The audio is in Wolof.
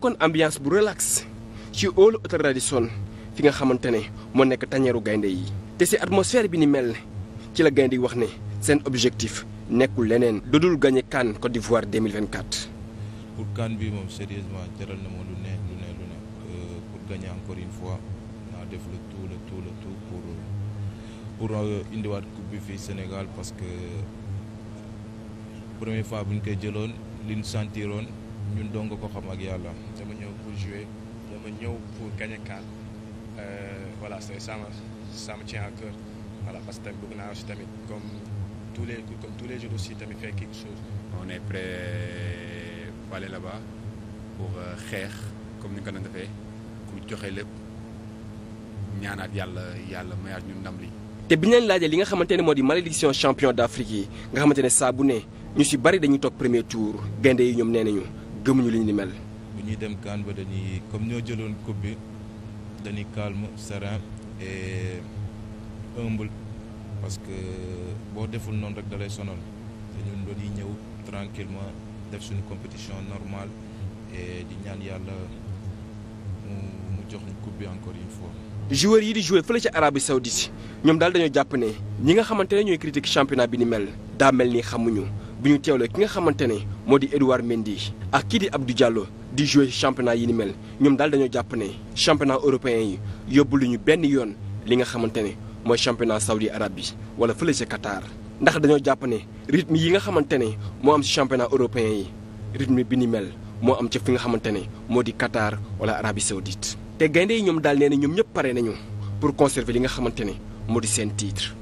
kon ambiance bu relax ci óolu hôtel fi nga xamante ne moo nekk tañeeru gaynde yi te si atmosphère bi ni mel ci la gaynde yi wax ne seen objectif nekkul leneen dudul gagné CAN Côte d'Ivoire 2024 pour CAN bi moom sérieusement jaral na ma lu ne lu ne lu ne euh, fois naa def le tout le tout pour euh, indiwaat coupe bi fii Sénégal parce que euh, première fois buñ koy jëloon li ñu sentiroon ñun dong nga ko xam ak yàlla dama ñëw pour jouer dama ñëw pour gagner CAN euh, voilà c'est ça ça me tient à cœur parce que tamit bëgg naa aussi tamit comme tous les comme les aussi tamit faire kii chose. on est prêt pour aller là-bas pour euh, xeex comme ni nga ko doon ku joxe lépp ñaanaat yàlla yàlla mayaat ñun ndam li te bi ñu leen laajee li nga xamante ne moo di malédiction champion d'Afrique yi nga xamante ne saa bu ne ñu si bari dañuy toog premier tour gaynde yi ñoom nee nañu gëmuñu li ñu ni mel. bu ñuy dem kaan ba dañuy comme ñoo jëloon coupe dañuy calme serein et humble parce que boo deful noonu rek dalay sonal te ñun dañuy ñëw tranquillement def suñu compétition normale et di ñaan yàlla mu mu jox ñu coupe bi encore une fois. joueurs yi di jouer fële ci Arabie si ñoom daal dañoo jàpp ne ñi nga xamante ne ñooy critique championnat bi ni mel daa mel ni xamuñu. bu ñu teewlee ki nga xamante ne moo di Edouard Mendy ak kii di Abdou Diallo di jouer championnat yi ni mel ñoom daal dañoo jàpp ne championnat européen yi yóbbu lu ñu benn yoon li nga xamante ne mooy championnat saudi arabe bi wala fële ca Qatar. ndax dañoo jàpp ne rythme yi nga xamante ne moo am ci championnat européen yi rythme bi ni mel moo am ci fi nga xamante ne moo di Qatar wala Arabie Saoudite te gaynde yi ñoom daal nee na ñoom ñëpp pare nañu pour conserver li nga xamante ne moo di